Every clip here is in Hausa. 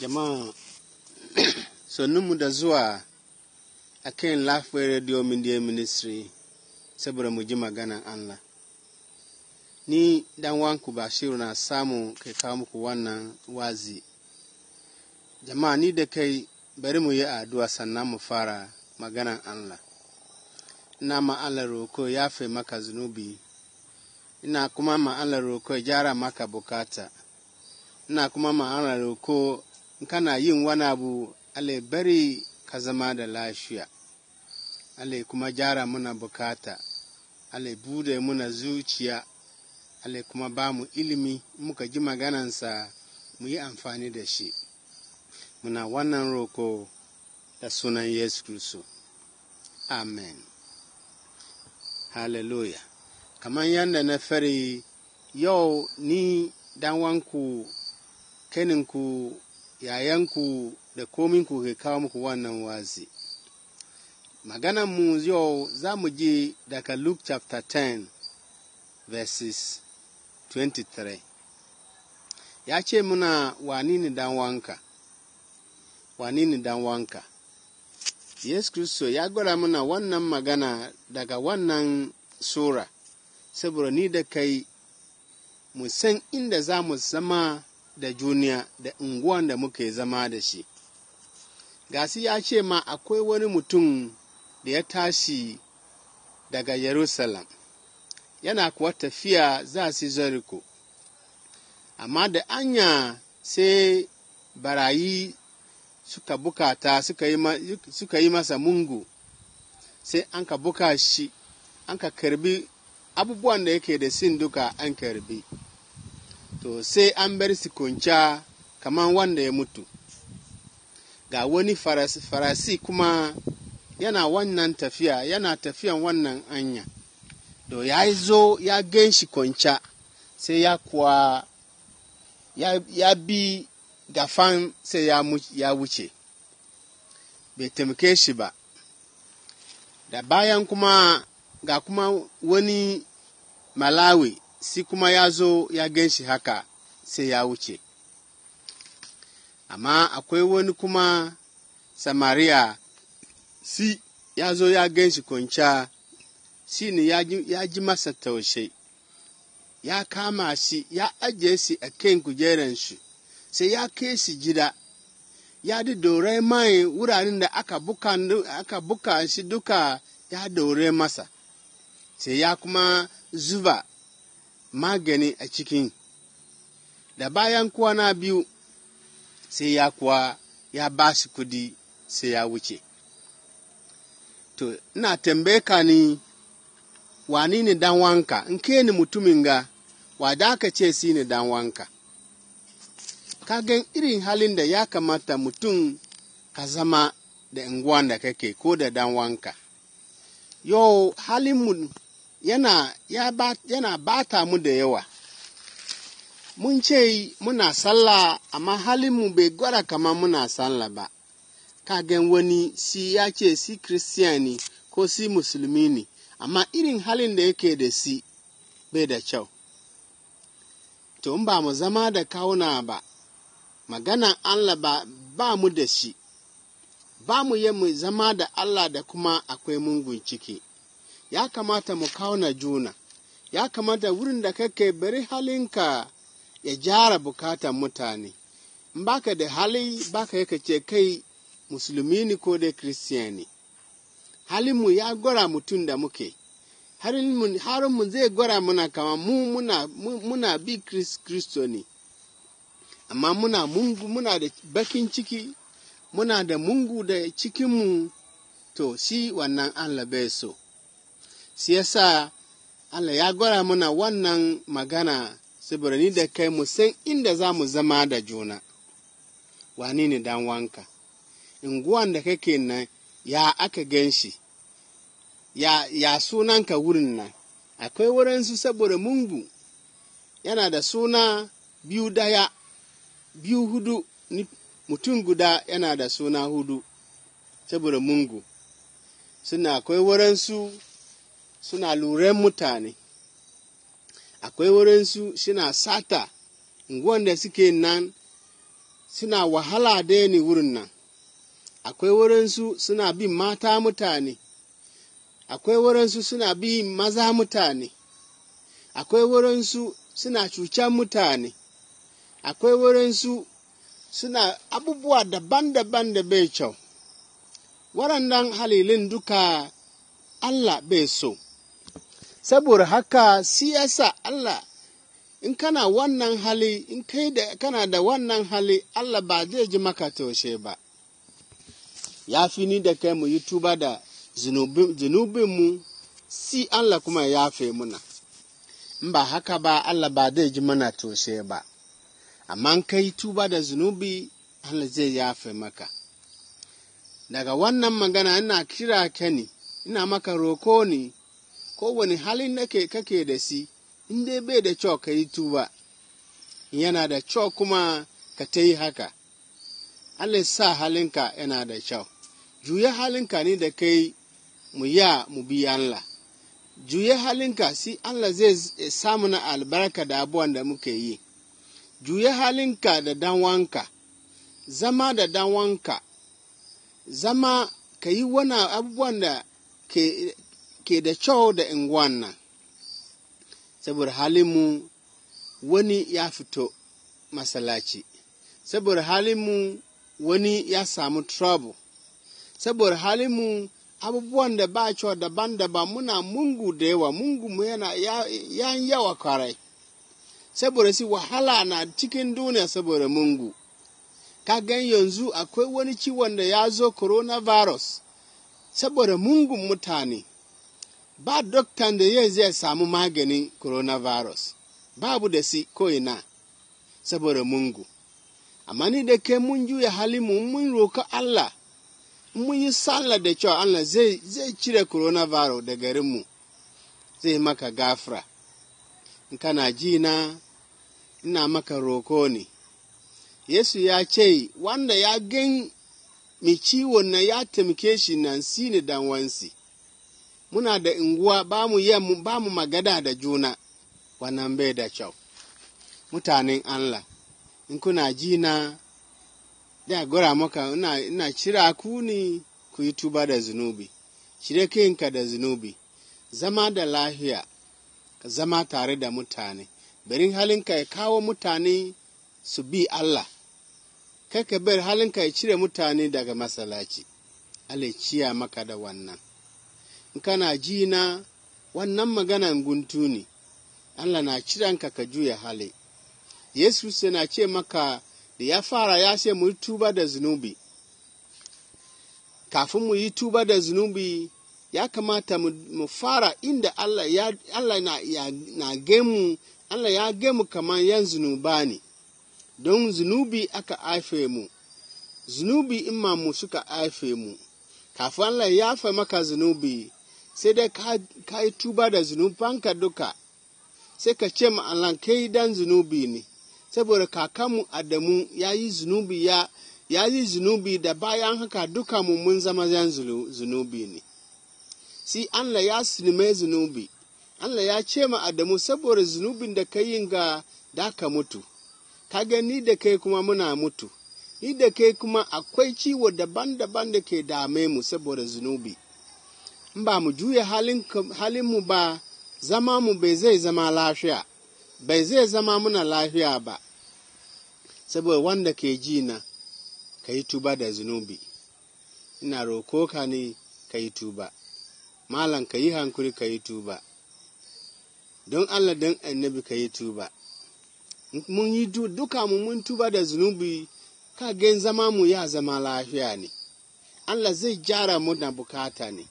Jama'a sannunmu da zuwa a kan Lafiyar Radio Media Ministry saboda mu ji maganan Allah. Ni dan wanku Bashiru na samu kai kawo muku wannan wazi. Jama'a ni da kai bari mu yi addu'a sannan mu fara maganan Allah. Ina ma Allah roko ya fe maka zunubi, ina kuma ma Allah roko gyara maka bukata, ina kuma ma Allah roko in kana yin wani abu bari ka zama da lafiya Allah kuma gyara muna bukata Allah bude muna zuciya Allah kuma ba mu ilimi muka ji maganansa mu yi amfani da shi muna wannan roko da sunan Yesu Kristo amen hallelujah kamar yadda na fari yau ni danwanku keninku yayanku da ku ke kawo muku wannan wazi. mu yau za mu ji daga Luke chapter 10 verses 23. Ya ce muna wani ne dan wanka, wani ne dan wanka. Yesu Kristo ya gwada muna wannan magana daga wannan Sura, saboda ni da kai mu san inda za mu zama da juniya da unguwan da muke zama da shi gasi ya ce ma akwai wani mutum da ya tashi daga Yerusalem, yana kuwa tafiya za su Jericho, amma da anya sai barayi suka bukata suka yi masa mungu, sai an ka buka shi, an ka karbi abubuwan da yake da sin duka an karbi. to sai an bar su kaman kamar wanda ya mutu ga wani farasi, kuma yana wannan tafiya yana tafiyan wannan anya to ya zo ya gan shi sai ya kuwa ya, ya bi gafan sai ya wuce bai taimake shi ba da bayan kuma ga kuma wani malawi shi kuma ya zo ya gan shi haka sai ya wuce amma akwai wani kuma samariya si ya zo ya gan shi kwanciya shi ne ya ji masa taushe ya kama shi ya ajiye shi a kan shi sai ya kai shi gida ya di dore mai wuraren da aka buka, aka buka shi duka ya dore masa sai ya kuma zuba magani a cikin da bayan kwana biyu sai ya kuwa ya ba shi kudi sai ya wuce to ina tambaye ka ni wani ne dan wanka in ke ni mutumin ga wa ka ce si ne dan wanka ka kagan irin halin da ya kamata mutum ka zama da unguwan da kake ko da dan wanka yau halin mu yana, ya ba, yana bata mu da yawa. Mun ce muna sallah amma mu bai gwada kama muna sallah ba. Kagen wani si ya ce si kristiyani ko si musulmi ne, amma irin halin da yake da si bai da kyau. To, in ba mu zama da kauna ba, magana Allah ba, ba mu da shi, ba mu yi mu zama da Allah da kuma akwai mungun ciki. ya kamata mu kauna juna ya kamata wurin da kake bari halinka ya jara bukatan mutane in baka da hali baka yaka ce kai musulmi ne ko dai kristiyani halinmu ya gwara mutum da muke harinmu zai gwara muna kama mu muna, muna bi kristo ne amma muna mungu muna da bakin ciki muna da mungu da cikinmu to shi wannan an labe so shi yasa Allah ya gwara mana wannan magana tsibirani da kai mu san inda za mu zama da juna wani ne dan wanka unguwan da kake nan ya aka gan shi ya, ya sunanka wurin nan akwai su saboda mungu yana da suna biyu daya biyu hudu mutum guda yana da suna hudu saboda mungu suna akwai su suna luren mutane akwai wurinsu suna sata unguwan da suke nan suna wahala da ne wurin nan akwai wurinsu suna bin mata mutane akwai wurinsu suna bin maza mutane akwai wurinsu suna cucan mutane akwai wurinsu suna abubuwa daban-daban da bai kyau waɗannan halilin duka allah bai so saboda haka siyasa Allah in kana wannan hali in kai da kana da wannan hali Allah ba zai ji maka taushe ba ya fi ni da kai mu yi da da mu si Allah kuma ya fe muna in ba haka ba Allah ba zai ji mana taushe ba amma in kai tuba da zunubi Allah zai yafe maka daga wannan magana ina kira ka ne ina maka roko ne kowane halin da kake da si in dai bai da kyau ka yi tuba yana da kyau kuma ka ta yi haka Allah sa halinka yana da kyau juya halinka ne da kai mu ya mu bi Allah juya halinka si Allah zai samu na albarka da abuwan da muke yi juya halinka da danwanka zama da danwanka zama ka yi wani abubuwan da ke da kyau da unguwan nan saboda halinmu wani ya fito masalaci saboda halinmu wani ya samu trouble saboda halinmu abubuwan da ba kyau daban-daban muna mungu da yawa mungu mu yana ya yawa kwarai saboda si wahala na cikin duniya saboda mungu ka gan yanzu akwai wani ciwon da ya zo coronavirus saboda mungun mutane ba doktan da ya zai samu maganin coronavirus babu da si ko'ina saboda mungu amma ni da ke mun juya halimu mun roka Allah mun yi sallah da cewa Allah zai zai cire coronavirus da garinmu zai maka gafra in kana ji na ina maka roko ne Yesu ya ce wanda ya gan mi ciwon na ya taimake shi nan si ne dan wansi muna da inguwa ba mu ba mu magada da juna wannan bai da kyau mutanen Allah in kuna ji na da gura maka ina, cira ku ne ku yi tuba da zunubi cire kinka da zunubi zama da lahiya ka zama tare da mutane bari halinka ya kawo mutane su bi Allah kai ka bar halinka ya cire mutane daga masalaci Allah ciya maka da wannan kana ji na wannan maganan guntu ne Allah na ciranka ka juya hali Yesu na ce maka da ya fara ya ce mu yi tuba da zunubi kafin mu yi tuba da zunubi ya kamata mu fara inda Allah, ya, Allah na, ya, gemu Allah ya gemu kamar yan zunuba ne don zunubi aka haife mu zunubi in mu suka haife mu kafin Allah ya fa maka zunubi sai dai ka yi tuba da zunubanka duka sai ka ce ma Allah yi dan zunubi ne saboda kakanmu Adamu ya yi zunubi ya ya yi zunubi da bayan haka duka mu mun zama zan zunubi ne si Allah ya sinime zunubi Allah ya ce ma Adamu saboda zunubin da ka yin ga da ka mutu ka ni da kai kuma muna mutu ni da kai kuma akwai ciwo daban-daban da ke dame mu saboda zunubi in ba mu juya halinmu ba zama mu bai zai zama lafiya bai zai zama muna lafiya ba saboda wanda ke ji na ka yi tuba da zunubi ina roko ka ne ka yi tuba malam ka yi hankuri ka yi tuba don allah don annabi ka yi tuba mun yi duka mu mun tuba da zunubi ka gen zama mu ya zama lafiya ne allah zai gyara mu da bukata ne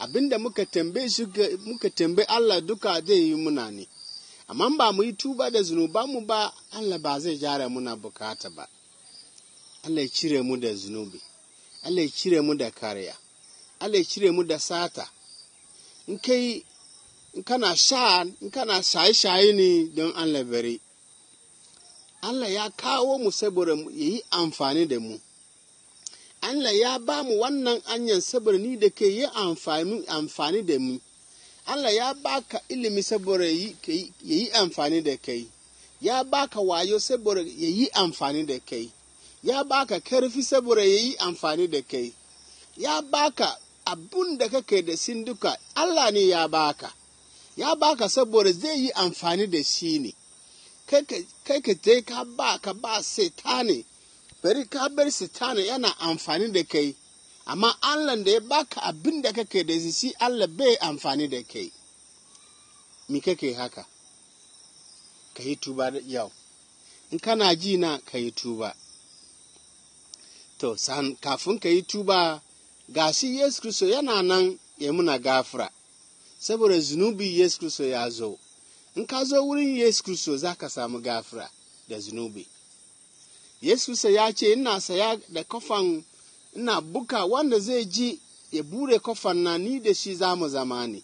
abinda muka tambaye shi muka tambaye Allah duka zai yi muna ne amma ba mu yi tuba da zunubamu ba Allah ba zai jara muna bukata ba Allah ya cire mu da zunubi Allah ya cire mu da kariya Allah ya cire mu da sata in kai in kana sha in kana shaye-shaye ne don Allah bari Allah ya kawo mu saboda yayi amfani da mu Allah ya ba mu wannan anyan saboda ni da ke yi amfani, da mu. Allah ya ba ka ilimi saboda ya yi amfani da kai, ya ba ka wayo saboda ya yi amfani da kai, ya ba ka karfi saboda ya yi amfani da kai, ya ba ka abun da kake da sin duka Allah ne ya ba ka ya ba ka saboda zai yi amfani da shi ne, kai ka je ka ba ka ba sai ta ne bari ka bar sitana yana amfani da kai amma allah da ya baka abin da kake da zisi allah bai amfani da kai mi kake haka ka yi tuba yau in kana ji na ka yi tuba to san kafin ka yi tuba ga shi yesu kristo yana nan ya muna gafira saboda zunubi yesu kristo ya zo in ka zo wurin yesu kristo za ka samu gafira da zunubi yesu ya ce ina saya da kofan ina buka wanda zai ji ya bure kofan na ni da shi za mu zama ne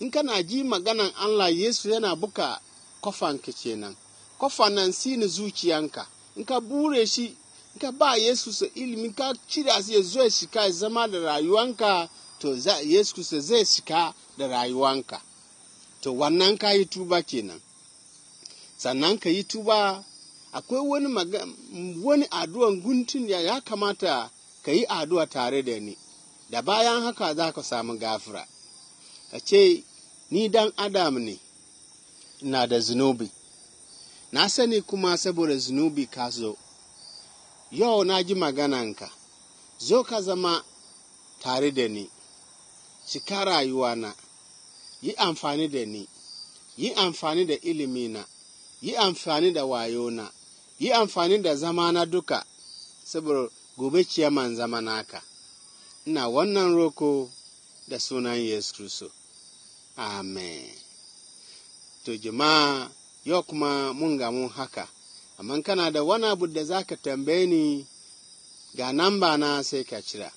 in kana ji maganan allah yesu yana buka kofan ka kenan kofan nan si ni zuciyanka in ka bure shi in ka ba yesu sa ilimi ka cire su ya zo shika ya zama da rayuwanka to yesu sa zai shika da rayuwanka to wannan ka yi tuba kenan sannan ka yi tuba akwai wani wani addu'an guntun ya kamata ka yi addu'a tare da ni da bayan haka za ka samu gafira ka ce ni dan adam ne na da zunubi na sani kuma saboda zunubi ka zo yau na ji magananka zo ka zama tare da ni cika na yi amfani da ni yi amfani da ilimina yi amfani da wayona yi amfani da zama na duka saboda gobe ciyaman zama naka ina wannan roko da sunan yesu kristo amen to jima yau kuma mun gamu haka amma kana da wani abu da za ka tambaye ni ga namba na sai ka cira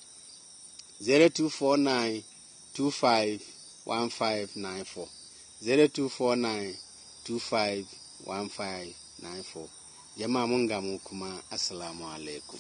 0249251594. jama'a mun gamu kuma assalamu alaikum